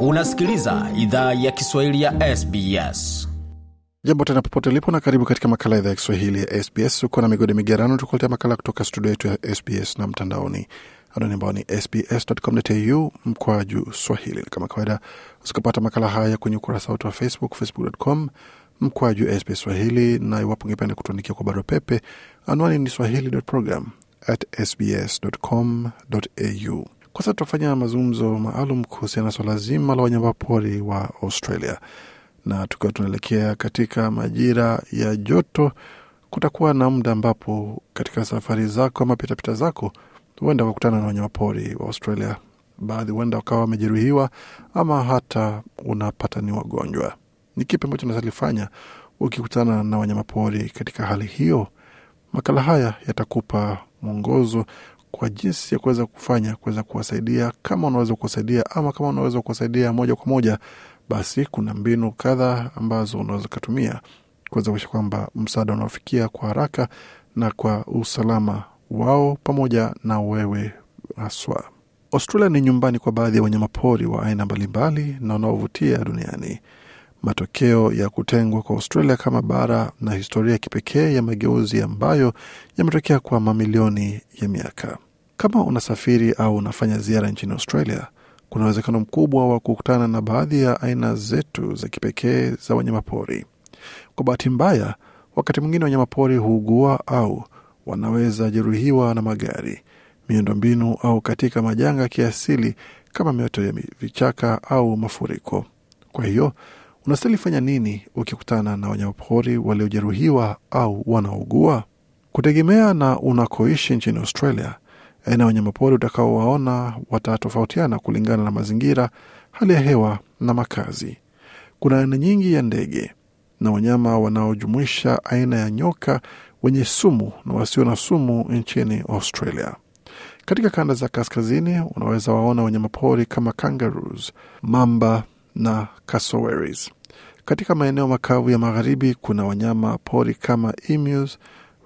Unasikiliza idhaa ya Kiswahili ya SBS. Jambo tena popote ulipo na karibu katika makala idhaa ya Kiswahili ya SBS. Uko na migode migerano, tukuletea makala kutoka studio yetu ya SBS na mtandaoni anani ambao ni sbs.com.au mkwaju swahili. Kama kawaida, usikapata makala haya kwenye ukurasa wetu wa Facebook, facebook.com mkwaju SBS Swahili, na iwapo ungependa kutuandikia kwa barua pepe, anwani ni program at sbs.com.au. Kwa sasa tutafanya mazungumzo maalum kuhusiana na swala zima la wanyamapori wa Australia, na tukiwa tunaelekea katika majira ya joto, kutakuwa na muda ambapo katika safari zako ama pitapita zako huenda wakutana na wanyamapori wa Australia. Baadhi huenda wakawa wamejeruhiwa ama hata unapata ni wagonjwa. Ni kipi ambacho unazalifanya ukikutana na wanyamapori katika hali hiyo? Makala haya yatakupa mwongozo kwa jinsi ya kuweza kufanya kuweza kuwasaidia kama unaweza kuwasaidia ama kama unaweza kuwasaidia moja kwa moja, basi kuna mbinu kadhaa ambazo unaweza ukatumia kuweza kuisha kwamba msaada unaofikia kwa haraka na kwa usalama wao pamoja na wewe haswa. Australia ni nyumbani kwa baadhi ya wanyamapori wa aina mbalimbali na wanaovutia duniani matokeo ya kutengwa kwa Australia kama bara na historia ya kipekee ya mageuzi ambayo yametokea kwa mamilioni ya miaka. Kama unasafiri au unafanya ziara nchini Australia, kuna uwezekano mkubwa wa kukutana na baadhi ya aina zetu za kipekee za wanyamapori. Kwa bahati mbaya, wakati mwingine wanyamapori huugua au wanaweza jeruhiwa na magari, miundombinu au katika majanga ya kiasili kama mioto ya vichaka au mafuriko. Kwa hiyo Unastahili fanya nini ukikutana na wanyamapori waliojeruhiwa au wanaougua? Kutegemea na unakoishi nchini Australia, aina ya wanyamapori utakaowaona watatofautiana kulingana na mazingira, hali ya hewa na makazi. Kuna aina nyingi ya ndege na wanyama wanaojumuisha aina ya nyoka wenye sumu na wasio na sumu nchini Australia. Katika kanda za kaskazini unaweza waona wanyamapori kama kangaroos, mamba na cassowaries. Katika maeneo makavu ya magharibi kuna wanyama pori kama emus,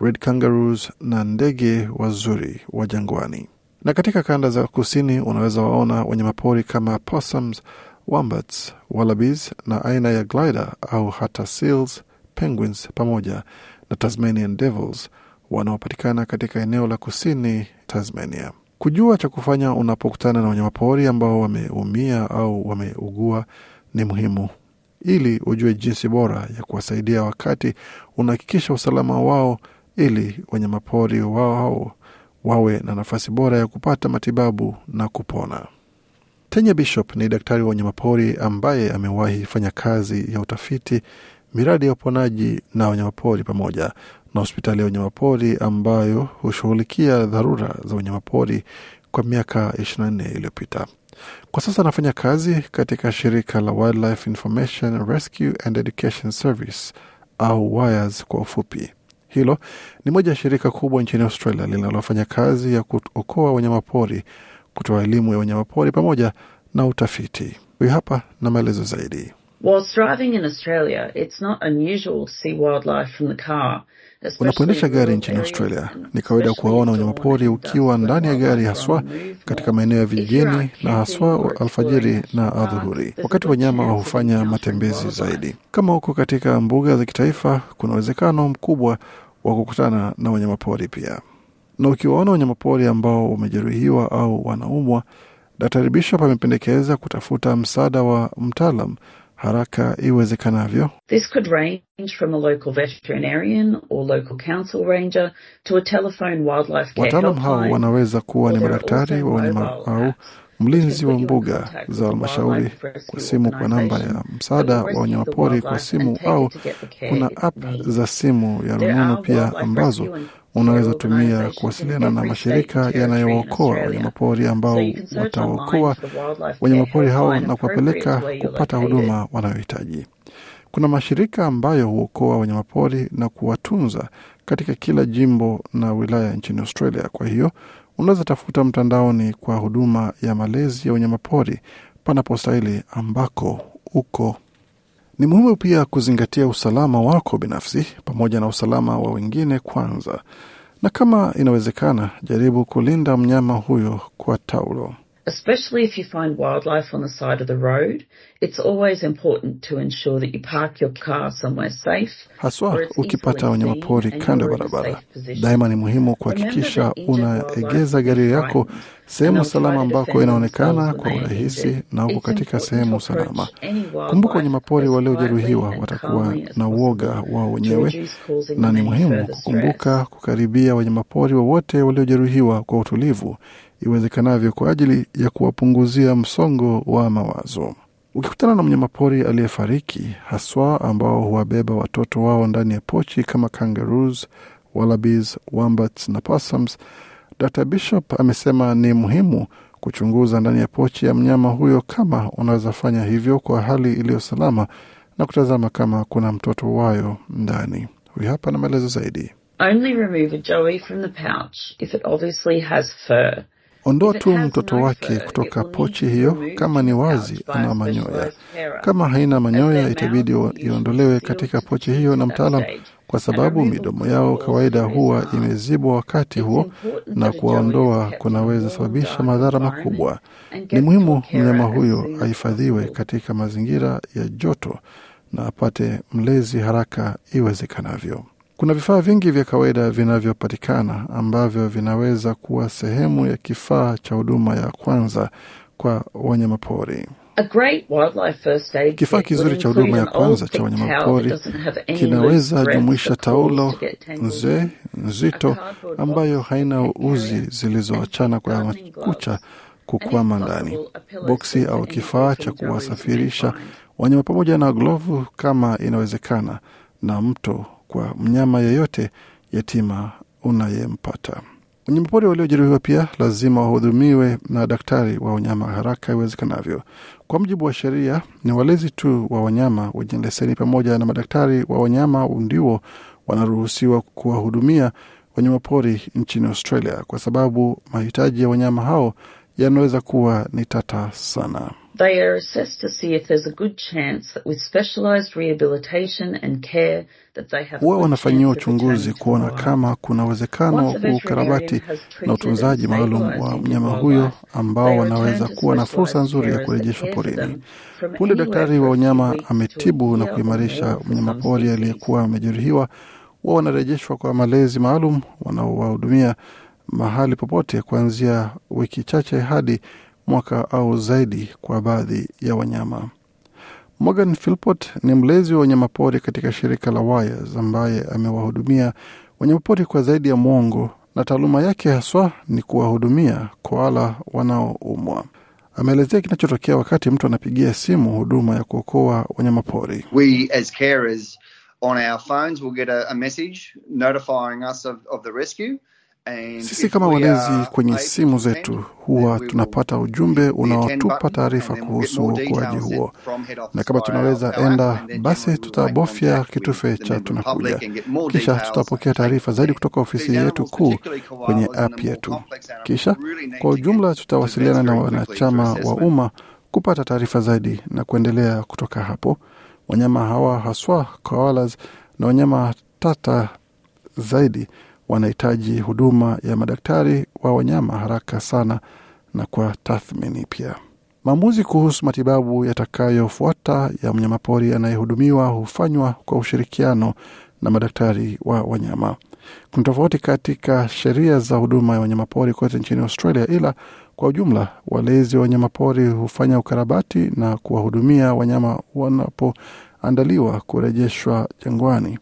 red kangaroos na ndege wazuri wa jangwani, na katika kanda za kusini unaweza waona pori kama possums, wombats, wallabies na aina ya glider au hata seals, penguins pamoja na Tasmanian devils wanaopatikana katika eneo la kusini Tasmania. Kujua cha kufanya unapokutana na wanyamapori ambao wameumia au wameugua ni muhimu ili ujue jinsi bora ya kuwasaidia wakati unahakikisha usalama wao, ili wanyamapori wao wawe na nafasi bora ya kupata matibabu na kupona. tenya Bishop ni daktari wa wanyamapori ambaye amewahi fanya kazi ya utafiti, miradi ya uponaji na wanyamapori pamoja na hospitali ya wanyamapori ambayo hushughulikia dharura za wanyamapori kwa miaka 24 iliyopita. Kwa sasa anafanya kazi katika shirika la Wildlife Information Rescue and Education Service au WIRES kwa ufupi. Hilo ni moja ya shirika kubwa nchini Australia linalofanya kazi ya kuokoa wanyamapori, kutoa elimu ya wanyamapori pamoja na utafiti. Huyu hapa na maelezo zaidi. Whilst driving in Australia, it's not unusual to see wildlife from the car. Unapoendesha gari nchini Australia, ni kawaida kuwaona wanyamapori ukiwa ndani ya gari, haswa katika maeneo ya vijijini na haswa alfajiri na uh, adhuhuri, wakati wanyama hufanya matembezi zaidi. Kama huko katika mbuga za kitaifa, kuna uwezekano mkubwa wa kukutana na wanyamapori pia, na ukiwaona wanyamapori ambao wamejeruhiwa au wanaumwa, daktari Bishop amependekeza kutafuta msaada wa mtaalam haraka iwezekanavyo. This could range from a local veterinarian or local council ranger to a telephone wildlife care. Wataalam hao wanaweza kuwa ni madaktari wa wanyama au mlinzi wa mbuga za halmashauri kwa simu kwa namba ya msaada wa wanyamapori kwa simu, au kuna app za simu ya rununu pia ambazo unaweza tumia kuwasiliana na mashirika yanayookoa wanyamapori ambao wataokoa wanyamapori hao na kuwapeleka kupata huduma wanayohitaji. Kuna mashirika ambayo huokoa wanyamapori na kuwatunza katika kila jimbo na wilaya nchini Australia. Kwa hiyo unaweza tafuta mtandaoni kwa huduma ya malezi ya wanyamapori panapostahili ambako uko. Ni muhimu pia kuzingatia usalama wako binafsi pamoja na usalama wa wengine kwanza, na kama inawezekana, jaribu kulinda mnyama huyo kwa taulo especially if you find wildlife on the side of the road, it's always important to ensure that you park your car somewhere safe. Haswa ukipata wanyamapori kando ya barabara, daima ni muhimu kuhakikisha unaegeza gari yako sehemu salama ambako inaonekana kwa urahisi na uko katika sehemu salama. Kumbuka wanyamapori waliojeruhiwa watakuwa na uoga wao wenyewe, na ni muhimu kukumbuka kukaribia wanyamapori wowote waliojeruhiwa kwa utulivu iwezekanavyo kwa ajili ya kuwapunguzia msongo wa mawazo. Ukikutana na mnyamapori aliyefariki haswa, ambao huwabeba watoto wao ndani ya pochi kama kangaroos, wallabies, wombats na possums, Dr Bishop amesema ni muhimu kuchunguza ndani ya pochi ya mnyama huyo kama unaweza fanya hivyo kwa hali iliyo salama na kutazama kama kuna mtoto wayo ndani. Huyu hapa na maelezo zaidi. Only remove a joey from the pouch if it obviously has fur. Ondoa tu mtoto wake kutoka pochi hiyo kama ni wazi ana manyoya. Kama haina manyoya, itabidi iondolewe katika pochi hiyo na mtaalam, kwa sababu midomo yao kawaida huwa imezibwa wakati huo, na kuwaondoa kunaweza sababisha madhara makubwa. Ni muhimu mnyama huyo ahifadhiwe katika mazingira ya joto na apate mlezi haraka iwezekanavyo. Kuna vifaa vingi vya kawaida vinavyopatikana ambavyo vinaweza kuwa sehemu ya kifaa cha huduma ya kwanza kwa wanyamapori. Kifaa kizuri cha huduma ya kwanza cha wanyamapori kinaweza jumuisha taulo nzee nzito ambayo haina uzi zilizoachana kwa makucha kukwama ndani, boksi au kifaa cha kuwasafirisha wanyama pamoja na glovu kama inawezekana, na mto kwa mnyama yeyote yatima unayempata. Wanyamapori waliojeruhiwa pia lazima wahudumiwe na daktari wa wanyama haraka iwezekanavyo. Kwa mujibu wa sheria, ni walezi tu wa wanyama wenye leseni pamoja na madaktari wa wanyama ndio wanaruhusiwa kuwahudumia wanyamapori nchini Australia, kwa sababu mahitaji ya wanyama hao yanaweza kuwa ni tata sana. They are assessed to see if there's a good chance that with specialized rehabilitation and care that they have. Huwa wanafanyia uchunguzi kuona kama kuna uwezekano wa ukarabati na utunzaji maalum wa mnyama huyo ambao wanaweza kuwa na fursa nzuri ya kurejeshwa porini. Punde daktari wa wanyama ametibu na kuimarisha mnyama pori aliyekuwa amejeruhiwa, huwa wanarejeshwa kwa malezi maalum wanaowahudumia mahali popote kuanzia wiki chache hadi mwaka au zaidi kwa baadhi ya wanyama. Morgan Philpot ni mlezi wa wanyamapori katika shirika la Wires ambaye amewahudumia wanyamapori kwa zaidi ya mwongo na taaluma yake haswa ni kuwahudumia koala wanaoumwa. Ameelezea kinachotokea wakati mtu anapigia simu huduma ya kuokoa wanyamapori. We of, of sisi kama walezi kwenye simu zetu huwa tunapata ujumbe unaotupa taarifa kuhusu uokoaji huo, na kama tunaweza enda, basi tutabofya kitufe cha tunakuja, kisha tutapokea taarifa zaidi kutoka ofisi yetu kuu kwenye app yetu. Kisha kwa ujumla, tutawasiliana na wanachama wa umma kupata taarifa zaidi na kuendelea kutoka hapo. Wanyama hawa haswa koalas na wanyama tata zaidi wanahitaji huduma ya madaktari wa wanyama haraka sana na kwa tathmini pia. Maamuzi kuhusu matibabu yatakayofuata ya mnyamapori anayehudumiwa hufanywa kwa ushirikiano na madaktari wa wanyama. Kuna tofauti katika sheria za huduma ya wanyamapori kote nchini Australia, ila kwa ujumla walezi wa wanyamapori hufanya ukarabati na kuwahudumia wanyama wanapoandaliwa kurejeshwa jangwani.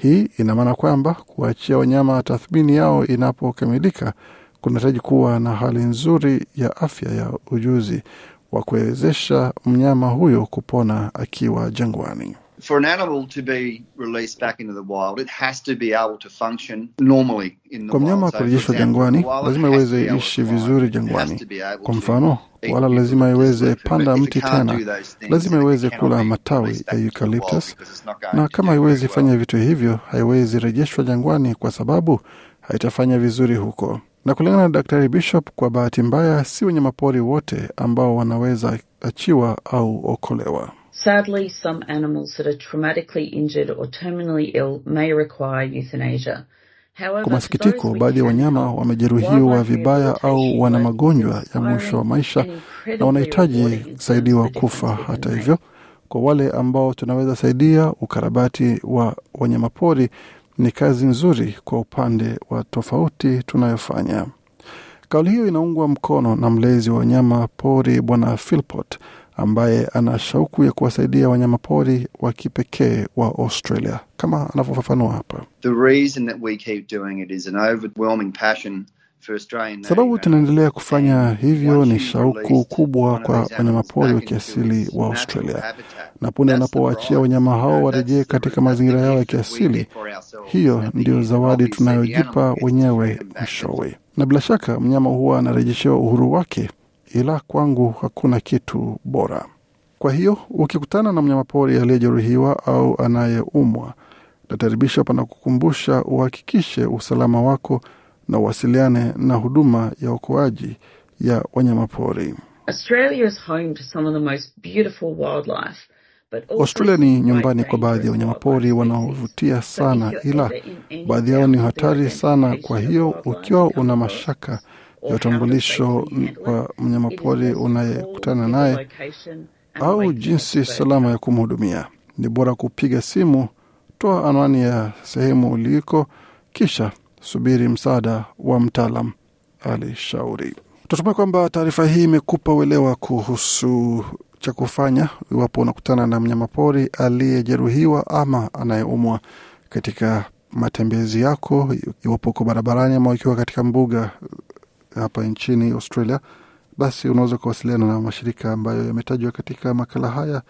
Hii ina maana kwamba kuachia wanyama tathmini yao inapokamilika kunahitaji kuwa na hali nzuri ya afya ya ujuzi wa kuwezesha mnyama huyo kupona akiwa jangwani for an animal to be released back into the wild, it has to be able to function normally in the kwa mnyama kurejeshwa jangwani lazima iweze ishi vizuri jangwani. Kwa mfano, wala lazima iweze panda mti tena, lazima iweze kula matawi ya eucalyptus, na kama haiwezi fanya vitu hivyo, haiwezi rejeshwa jangwani kwa sababu haitafanya vizuri huko. Na kulingana na Daktari Bishop, kwa bahati mbaya, si wanyamapori wote ambao wanaweza achiwa au okolewa. Sadly, some animals that are traumatically injured or terminally ill may require euthanasia. Kwa masikitiko, baadhi ya wanyama wamejeruhiwa vibaya au wana magonjwa ya mwisho wa maisha na wanahitaji kusaidiwa kufa. Hata hivyo, kwa wale ambao tunaweza saidia, ukarabati wa wanyamapori ni kazi nzuri kwa upande wa tofauti tunayofanya. Kauli hiyo inaungwa mkono na mlezi wa wanyama pori Bwana Philpot ambaye ana shauku ya kuwasaidia wanyamapori wa kipekee wa Australia kama anavyofafanua hapa. Sababu tunaendelea kufanya hivyo ni shauku kubwa kwa wanyamapori wa kiasili wa Australia, na punde anapowaachia wanyama hao warejee katika mazingira yao ya kiasili, hiyo ndio zawadi tunayojipa wenyewe mwishowe. Na bila shaka mnyama huwa anarejeshewa uhuru wake ila kwangu hakuna kitu bora. Kwa hiyo ukikutana na mnyamapori aliyejeruhiwa au anayeumwa, pana kukumbusha uhakikishe usalama wako na uwasiliane na huduma ya uokoaji ya wanyamapori. Australia ni nyumbani kwa baadhi ya wanyamapori wanaovutia sana, ila baadhi yao ni hatari sana. Kwa hiyo ukiwa una mashaka ya utambulisho wa mnyamapori unayekutana naye au jinsi salama ya kumhudumia. Ni bora kupiga simu, toa anwani ya sehemu uliko, kisha subiri msaada wa mtaalam, alishauri. Tunatumai kwamba taarifa hii imekupa uelewa kuhusu cha kufanya iwapo unakutana na mnyamapori aliyejeruhiwa ama anayeumwa katika matembezi yako, iwapo uko barabarani ama ukiwa katika mbuga hapa nchini Australia, basi unaweza kuwasiliana na mashirika ambayo yametajwa katika makala haya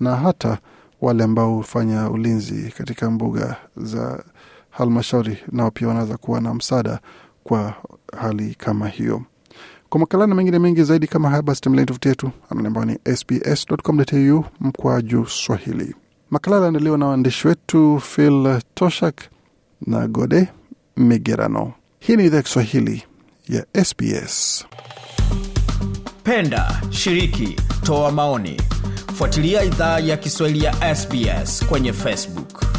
na hata wale ambao hufanya ulinzi katika mbuga za halmashauri, nao pia wanaweza kuwa na msaada kwa hali kama hiyo. Kwa makala na mengine mengi zaidi kama haya, basi tembelea tovuti yetu ambayo ni sbs.com.au mkwaju Swahili. Makala yaliandaliwa na waandishi wetu Phil Toshak na Gode Migerano. Hii ni idhaa ya Kiswahili ya SBS. Penda, shiriki, toa maoni. Fuatilia idhaa ya Kiswahili ya SBS kwenye Facebook.